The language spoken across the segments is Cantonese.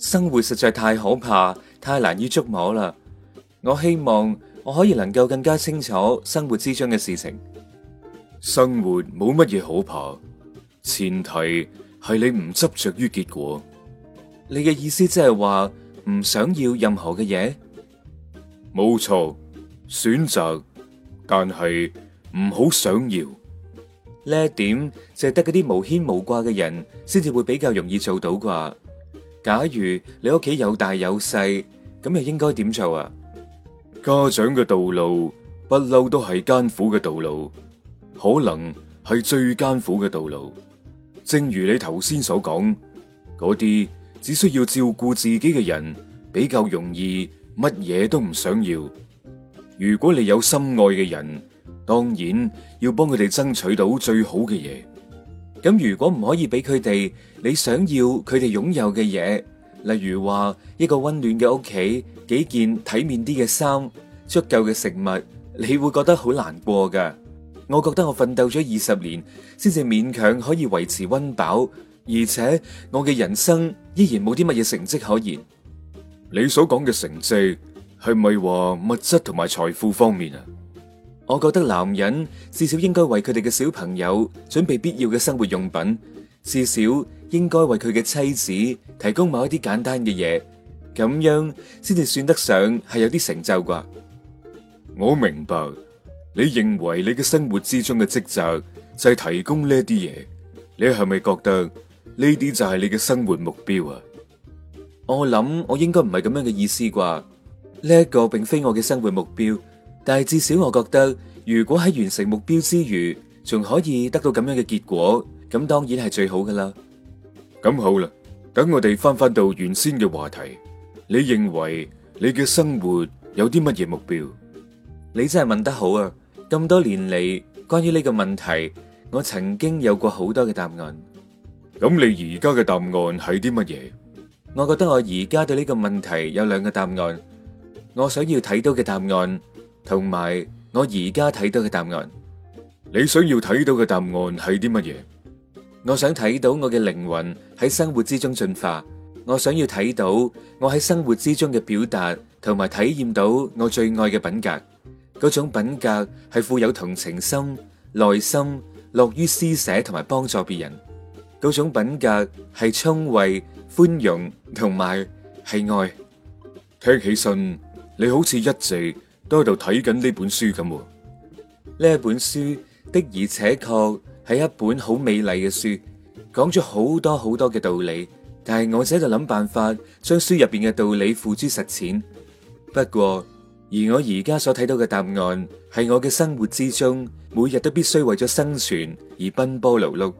生活實在太可怕，太難以捉摸啦！我希望我可以能夠更加清楚生活之中嘅事情。生活冇乜嘢可怕，前提係你唔執着於結果。你嘅意思即係話唔想要任何嘅嘢？冇錯，選擇，但係唔好想要。呢一點淨係得嗰啲無牽無掛嘅人先至會比較容易做到啩。假如你屋企有大有細，咁又應該點做啊？家長嘅道路不嬲都係艱苦嘅道路，可能係最艱苦嘅道路。正如你頭先所講，嗰啲只需要照顧自己嘅人比較容易，乜嘢都唔想要。如果你有心愛嘅人，當然要幫佢哋爭取到最好嘅嘢。咁如果唔可以俾佢哋你想要佢哋擁有嘅嘢，例如話一個溫暖嘅屋企、幾件體面啲嘅衫、足夠嘅食物，你會覺得好難過噶。我覺得我奮鬥咗二十年，先至勉強可以維持溫飽，而且我嘅人生依然冇啲乜嘢成績可言。你所講嘅成績，係咪話物質同埋財富方面啊？我覺得男人至少應該為佢哋嘅小朋友準備必要嘅生活用品，至少應該為佢嘅妻子提供某一啲簡單嘅嘢，咁樣先至算得上係有啲成就啩。我明白，你認為你嘅生活之中嘅職責就係提供呢啲嘢，你係咪覺得呢啲就係你嘅生活目標啊？我諗我應該唔係咁樣嘅意思啩，呢一個並非我嘅生活目標。但係至少我覺得，如果喺完成目標之餘，仲可以得到咁樣嘅結果，咁當然係最好㗎啦。咁好啦，等我哋翻返到原先嘅話題，你認為你嘅生活有啲乜嘢目標？你真係問得好啊！咁多年嚟，關於呢個問題，我曾經有過好多嘅答案。咁你而家嘅答案係啲乜嘢？我覺得我而家對呢個問題有兩個答案。我想要睇到嘅答案。同埋，我而家睇到嘅答案，你想要睇到嘅答案係啲乜嘢？我想睇到我嘅靈魂喺生活之中進化，我想要睇到我喺生活之中嘅表達，同埋體驗到我最愛嘅品格。嗰種品格係富有同情心、耐心，樂於施捨同埋幫助別人。嗰種品格係聰慧寬容，同埋係愛。聽起身，你好似一直。都喺度睇緊呢本書咁。呢一本書的而且確係一本好美麗嘅書，講咗好多好多嘅道理。但係我就喺度諗辦法將書入邊嘅道理付諸實踐。不過而我而家所睇到嘅答案係我嘅生活之中，每日都必須為咗生存而奔波勞碌。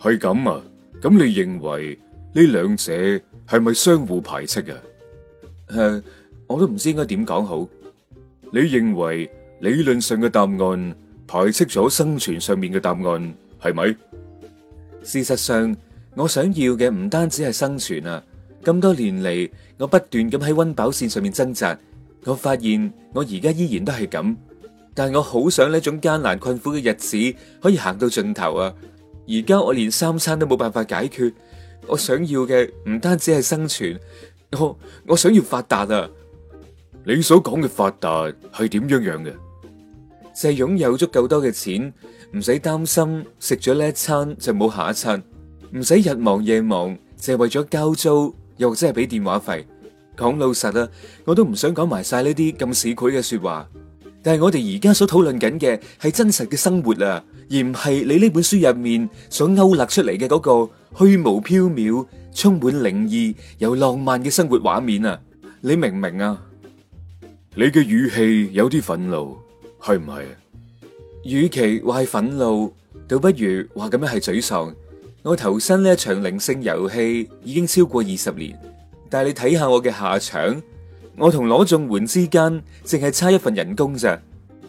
係咁啊？咁你認為呢兩者係咪相互排斥啊？誒，我都唔知應該點講好。你認為理論上嘅答案排斥咗生存上面嘅答案係咪？事實上，我想要嘅唔單止係生存啊！咁多年嚟，我不斷咁喺温飽線上面掙扎，我發現我而家依然都係咁，但我好想呢種艱難困苦嘅日子可以行到盡頭啊！而家我連三餐都冇辦法解決，我想要嘅唔單止係生存，我我想要發達啊！你所講嘅發達係點樣樣嘅？就係擁有足夠多嘅錢，唔使擔心食咗呢一餐就冇下一餐，唔使日忙夜忙，就係為咗交租，又或者係俾電話費。講老實啊，我都唔想講埋晒呢啲咁市儈嘅說話。但係我哋而家所討論緊嘅係真實嘅生活啊，而唔係你呢本書入面所勾勒出嚟嘅嗰個虛無縹緲、充滿靈異又浪漫嘅生活畫面啊！你明唔明啊？你嘅語氣有啲憤怒，係唔係？與其話係憤怒，倒不如話咁樣係沮喪。我投身呢一場靈性遊戲已經超過二十年，但係你睇下我嘅下場，我同攞綜援之間淨係差一份人工咋。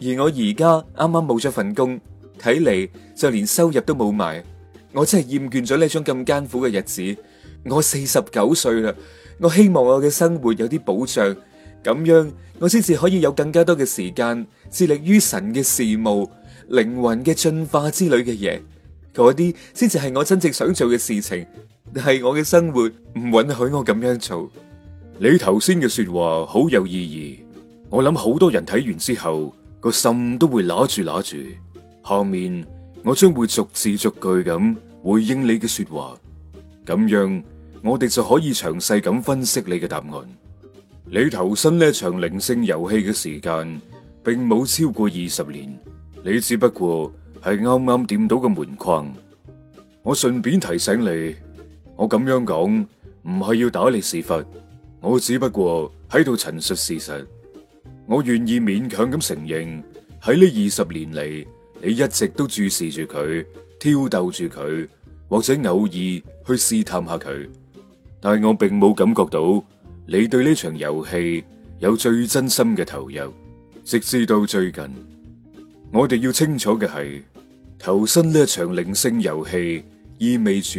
而我而家啱啱冇咗份工，睇嚟就連收入都冇埋。我真係厭倦咗呢種咁艱苦嘅日子。我四十九歲啦，我希望我嘅生活有啲保障。咁樣，我先至可以有更加多嘅時間，致力於神嘅事務、靈魂嘅進化之類嘅嘢，嗰啲先至係我真正想做嘅事情。但係我嘅生活唔允許我咁樣做。你頭先嘅說話好有意義，我諗好多人睇完之後個心都會拿住拿住。下面我將會逐字逐句咁回應你嘅說話，咁樣我哋就可以詳細咁分析你嘅答案。你投身呢一場靈性遊戲嘅時間，並冇超過二十年。你只不過係啱啱掂到個門框。我順便提醒你，我咁樣講唔係要打你屎忽，我只不過喺度陳述事實。我願意勉強咁承認，喺呢二十年嚟，你一直都注視住佢，挑逗住佢，或者偶爾去試探下佢。但係我並冇感覺到。你對呢場遊戲有最真心嘅投入，直至到最近。我哋要清楚嘅係投身呢一場靈性遊戲，意味住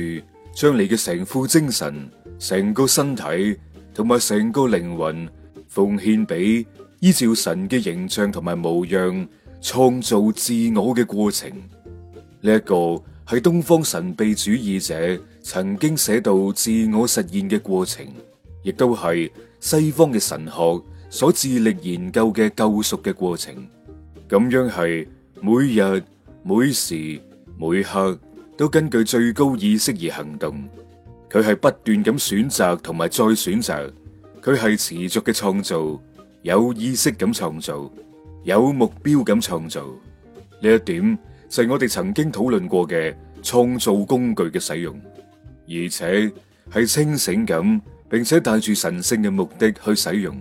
將你嘅成副精神、成個身體同埋成個靈魂奉獻俾依照神嘅形象同埋模樣創造自我嘅過程。呢一個係東方神秘主義者曾經寫到自我實現嘅過程。亦都係西方嘅神學所致力研究嘅救贖嘅過程，咁樣係每日、每時、每刻都根據最高意識而行動。佢係不斷咁選擇同埋再選擇，佢係持續嘅創造，有意識咁創造，有目標咁創造。呢一點就係我哋曾經討論過嘅創造工具嘅使用，而且係清醒咁。並且帶住神聖嘅目的去使用，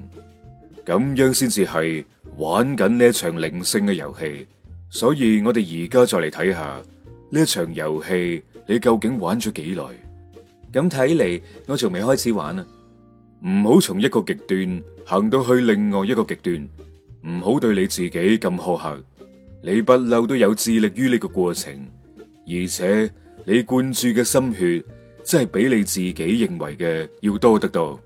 咁樣先至係玩緊呢一場靈性嘅遊戲。所以我哋而家再嚟睇下呢一場遊戲，你究竟玩咗幾耐？咁睇嚟，我仲未開始玩啊！唔好從一個極端行到去另外一個極端，唔好對你自己咁苛刻。你不嬲都有致力於呢個過程，而且你灌注嘅心血。即係比你自己認為嘅要多得多，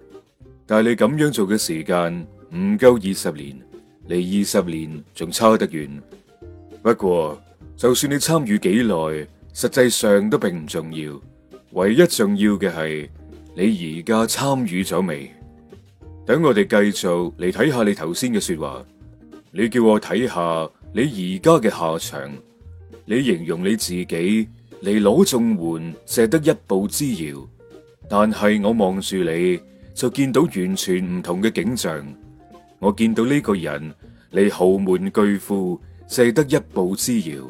但係你咁樣做嘅時間唔夠二十年，你二十年仲差得遠。不過就算你參與幾耐，實際上都並唔重要，唯一重要嘅係你而家參與咗未？等我哋繼續嚟睇下你頭先嘅說話，你叫我睇下你而家嘅下場，你形容你自己，嚟攞綜援，借得一步之遙。但係我望住你就見到完全唔同嘅景象。我見到呢個人，你豪門巨富，借得一步之遙。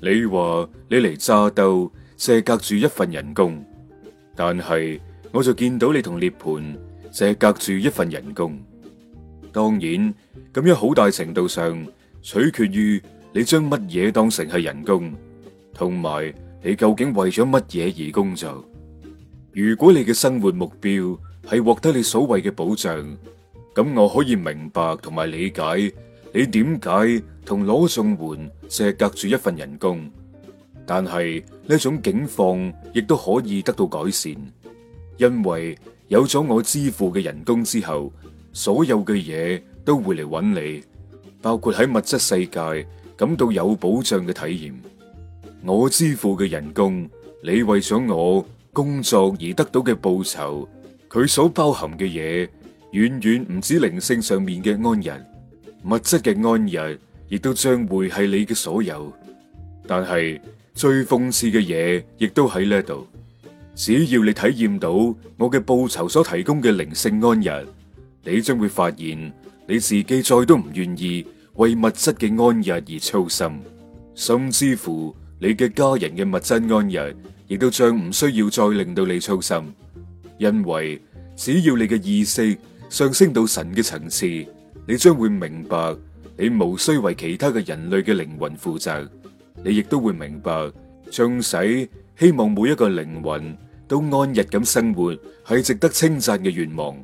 你話你嚟揸斗，借隔住一份人工。但係我就見到你同涅槃，借隔住一份人工。當然咁樣好大程度上取決於你將乜嘢當成係人工，同埋。你究竟為咗乜嘢而工作？如果你嘅生活目標係獲得你所謂嘅保障，咁我可以明白同埋理解你點解同攞綜援淨係隔住一份人工。但係呢種境況亦都可以得到改善，因為有咗我支付嘅人工之後，所有嘅嘢都會嚟搵你，包括喺物質世界感到有保障嘅體驗。我支付嘅人工，你為咗我工作而得到嘅報酬，佢所包含嘅嘢，遠遠唔止靈性上面嘅安逸，物質嘅安逸，亦都將會係你嘅所有。但係最諷刺嘅嘢，亦都喺呢度。只要你體驗到我嘅報酬所提供嘅靈性安逸，你將會發現你自己再都唔願意為物質嘅安逸而操心，甚至乎。你嘅家人嘅物質安逸，亦都將唔需要再令到你操心，因為只要你嘅意識上升到神嘅層次，你將會明白你無需為其他嘅人類嘅靈魂負責，你亦都會明白，即使希望每一個靈魂都安逸咁生活係值得稱讚嘅願望，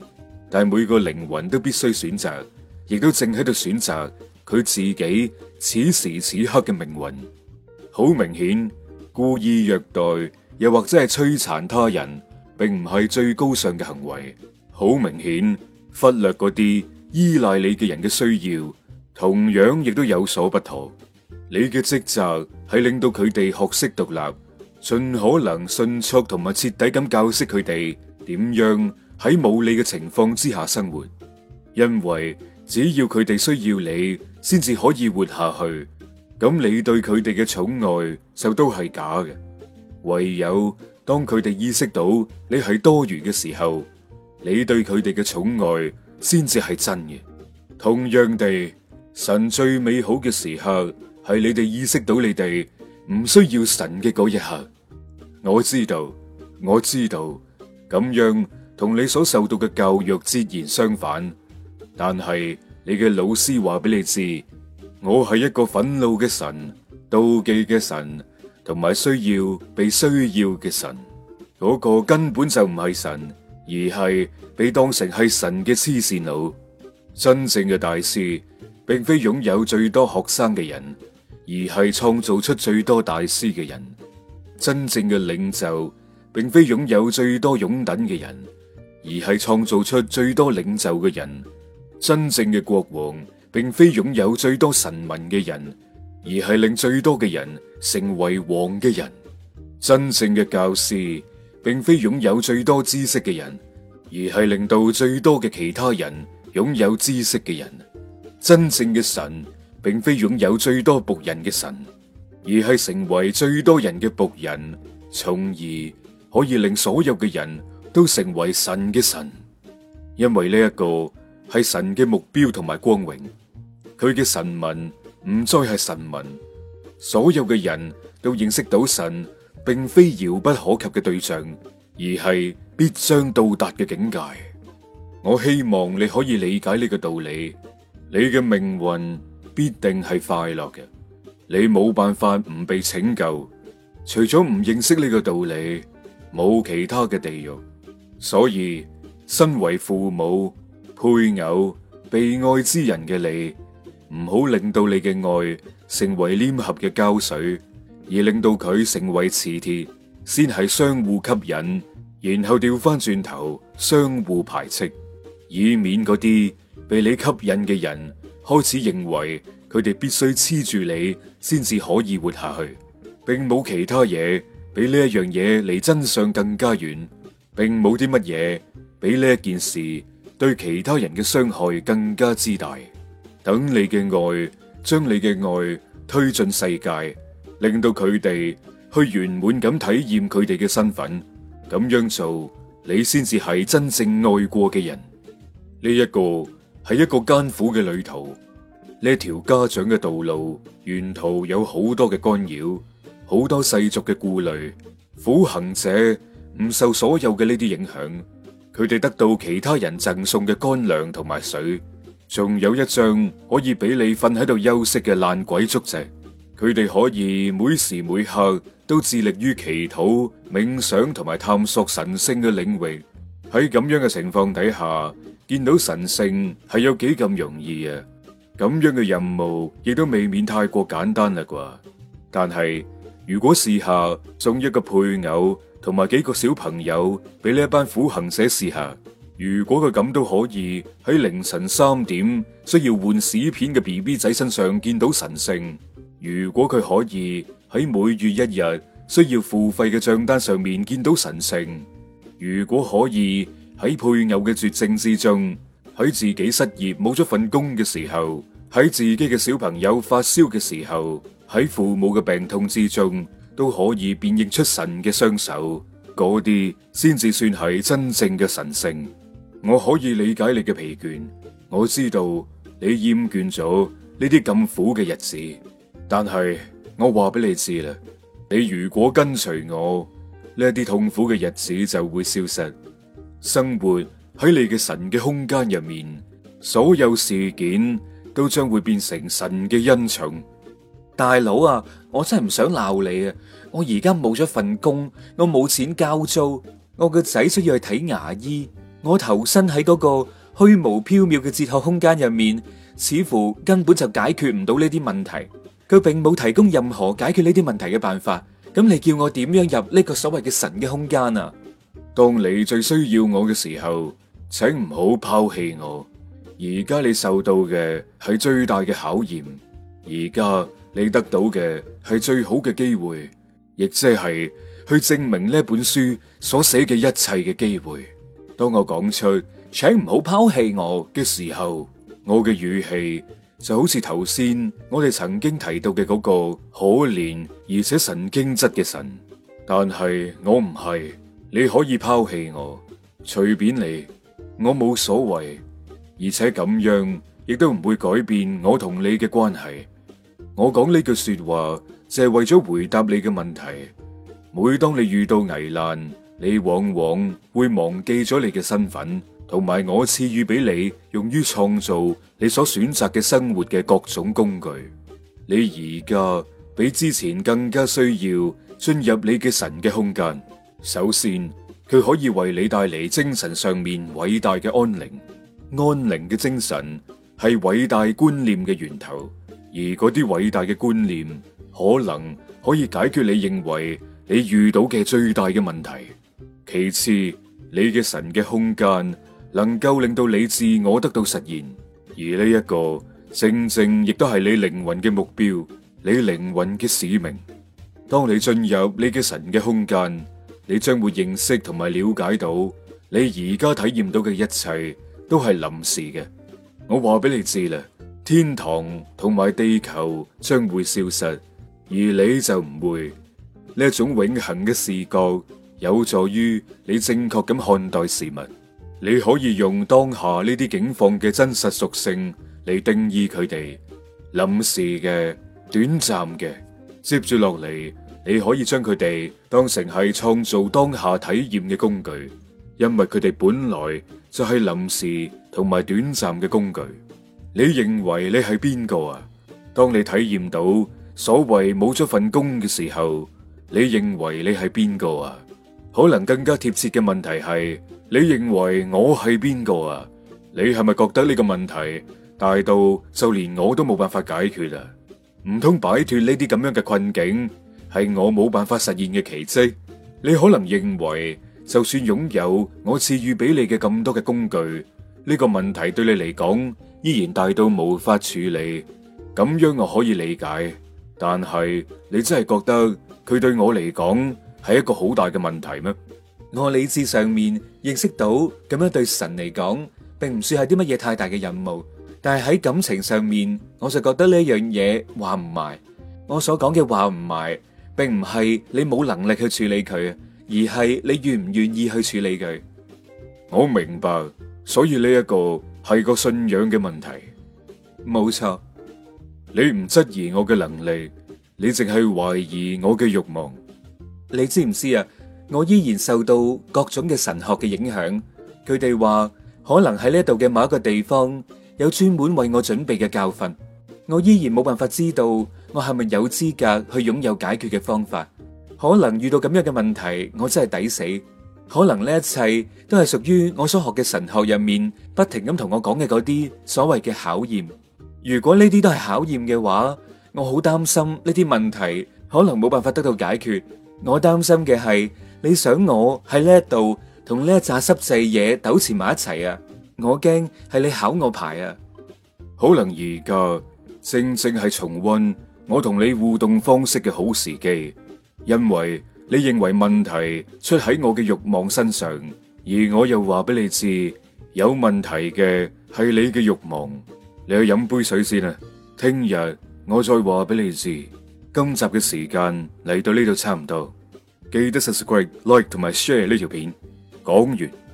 但每個靈魂都必須選擇，亦都正喺度選擇佢自己此時此刻嘅命運。好明顯，故意虐待又或者係摧殘他人，並唔係最高尚嘅行為。好明顯，忽略嗰啲依賴你嘅人嘅需要，同樣亦都有所不妥。你嘅職責係令到佢哋學識獨立，盡可能迅速同埋徹底咁教識佢哋點樣喺冇你嘅情況之下生活。因為只要佢哋需要你，先至可以活下去。咁你對佢哋嘅寵愛就都係假嘅，唯有當佢哋意識到你係多餘嘅時候，你對佢哋嘅寵愛先至係真嘅。同樣地，神最美好嘅時刻係你哋意識到你哋唔需要神嘅嗰一刻。我知道，我知道，咁樣同你所受到嘅教育截然相反，但係你嘅老師話俾你知。我係一個憤怒嘅神、妒忌嘅神，同埋需要被需要嘅神。嗰、那個根本就唔係神，而係被當成係神嘅痴線佬。真正嘅大師，並非擁有最多學生嘅人，而係創造出最多大師嘅人。真正嘅領袖，並非擁有最多擁躉嘅人，而係創造出最多領袖嘅人。真正嘅國王，並非擁有最多神民嘅人，而係令最多嘅人成為王嘅人。真正嘅教師，並非擁有最多知識嘅人，而係令到最多嘅其他人擁有知識嘅人。真正嘅神，並非擁有最多僕人嘅神，而係成為最多人嘅僕人，從而可以令所有嘅人都成為神嘅神。因為呢一個係神嘅目標同埋光榮。佢嘅神民唔再係神民，所有嘅人都認識到神並非遙不可及嘅對象，而係必將到達嘅境界。我希望你可以理解呢個道理。你嘅命運必定係快樂嘅，你冇辦法唔被拯救。除咗唔認識呢個道理，冇其他嘅地獄。所以，身為父母、配偶、被愛之人嘅你。唔好令到你嘅愛成為黏合嘅膠水，而令到佢成為磁鐵，先係相互吸引，然後調翻轉頭相互排斥，以免嗰啲被你吸引嘅人開始認為佢哋必須黐住你先至可以活下去，並冇其他嘢比呢一樣嘢離真相更加遠，並冇啲乜嘢比呢一件事對其他人嘅傷害更加之大。等你嘅愛，將你嘅愛推進世界，令到佢哋去圓滿咁體驗佢哋嘅身份。咁樣做，你先至係真正愛過嘅人。呢一個係一個艱苦嘅旅途，呢條家長嘅道路沿途有好多嘅干擾，好多世俗嘅顧慮。苦行者唔受所有嘅呢啲影響，佢哋得到其他人贈送嘅乾糧同埋水。仲有一張可以俾你瞓喺度休息嘅爛鬼竹席。佢哋可以每時每刻都致力於祈禱、冥想同埋探索神聖嘅領域。喺咁樣嘅情況底下，見到神聖係有幾咁容易啊？咁樣嘅任務亦都未免太過簡單啦啩。但係如果試下送一個配偶同埋幾個小朋友俾呢一班苦行者試下。如果佢咁都可以喺凌晨三點需要換屎片嘅 BB 仔身上見到神聖；如果佢可以喺每月一日需要付費嘅賬單上面見到神聖；如果可以喺配偶嘅絕症之中，喺自己失業冇咗份工嘅時候，喺自己嘅小朋友發燒嘅時候，喺父母嘅病痛之中都可以辨認出神嘅雙手，嗰啲先至算係真正嘅神聖。我可以理解你嘅疲倦，我知道你厭倦咗呢啲咁苦嘅日子。但係我話俾你知啦，你如果跟隨我呢啲痛苦嘅日子就會消失。生活喺你嘅神嘅空間入面，所有事件都將會變成神嘅恩寵。大佬啊，我真係唔想鬧你啊！我而家冇咗份工，我冇錢交租，我個仔需要去睇牙醫。我投身喺嗰個虛無縹緲嘅哲學空間入面，似乎根本就解決唔到呢啲問題。佢並冇提供任何解決呢啲問題嘅辦法。咁你叫我點樣入呢個所謂嘅神嘅空間啊？當你最需要我嘅時候，請唔好拋棄我。而家你受到嘅係最大嘅考驗，而家你得到嘅係最好嘅機會，亦即係去證明呢本書所寫嘅一切嘅機會。當我講出請唔好拋棄我嘅時候，我嘅語氣就好似頭先我哋曾經提到嘅嗰個可憐而且神經質嘅神。但係我唔係，你可以拋棄我，隨便你，我冇所謂，而且咁樣亦都唔會改變我同你嘅關係。我講呢句說話就係為咗回答你嘅問題。每當你遇到危難，你往往會忘記咗你嘅身份同埋我賜予俾你用於創造你所選擇嘅生活嘅各種工具。你而家比之前更加需要進入你嘅神嘅空間。首先，佢可以為你帶嚟精神上面偉大嘅安寧。安寧嘅精神係偉大觀念嘅源頭，而嗰啲偉大嘅觀念可能可以解決你認為你遇到嘅最大嘅問題。其次，你嘅神嘅空間能夠令到你自我得到實現，而呢一個正正亦都係你靈魂嘅目標，你靈魂嘅使命。當你進入你嘅神嘅空間，你將會認識同埋了解到你而家體驗到嘅一切都係臨時嘅。我話俾你知啦，天堂同埋地球將會消失，而你就唔會呢一種永恆嘅視覺。有助於你正確咁看待事物，你可以用當下呢啲境況嘅真實屬性嚟定義佢哋臨時嘅、短暫嘅。接住落嚟，你可以將佢哋當成係創造當下體驗嘅工具，因為佢哋本來就係臨時同埋短暫嘅工具。你認為你係邊個啊？當你體驗到所謂冇咗份工嘅時候，你認為你係邊個啊？可能更加貼切嘅問題係，你認為我係邊個啊？你係咪覺得呢個問題大到就連我都冇辦法解決啊？唔通擺脫呢啲咁樣嘅困境係我冇辦法實現嘅奇蹟？你可能認為就算擁有我賜予俾你嘅咁多嘅工具，呢個問題對你嚟講依然大到無法處理。咁樣我可以理解，但係你真係覺得佢對我嚟講？係一個好大嘅問題咩？我理智上面認識到咁樣對神嚟講，並唔算係啲乜嘢太大嘅任務。但係喺感情上面，我就覺得呢樣嘢話唔埋。我所講嘅話唔埋，並唔係你冇能力去處理佢，而係你願唔願意去處理佢。我明白，所以呢一個係個信仰嘅問題。冇錯，你唔質疑我嘅能力，你淨係懷疑我嘅慾望。你知唔知啊？我依然受到各種嘅神學嘅影響。佢哋話可能喺呢度嘅某一個地方有專門為我準備嘅教訓。我依然冇辦法知道我係咪有資格去擁有解決嘅方法。可能遇到咁樣嘅問題，我真係抵死。可能呢一切都係屬於我所學嘅神學入面不停咁同我講嘅嗰啲所謂嘅考驗。如果呢啲都係考驗嘅話，我好擔心呢啲問題可能冇辦法得到解決。我擔心嘅係你想我喺呢一度同呢一紮濕滯嘢糾纏埋一齊啊！我驚係你考我牌啊！可能而家正正係重溫我同你互動方式嘅好時機，因為你認為問題出喺我嘅慾望身上，而我又話俾你知，有問題嘅係你嘅慾望。你去飲杯水先啊！聽日我再話俾你知。今集嘅時間嚟到呢度差唔多，記得 subscribe、like 同埋 share 呢條片。講完。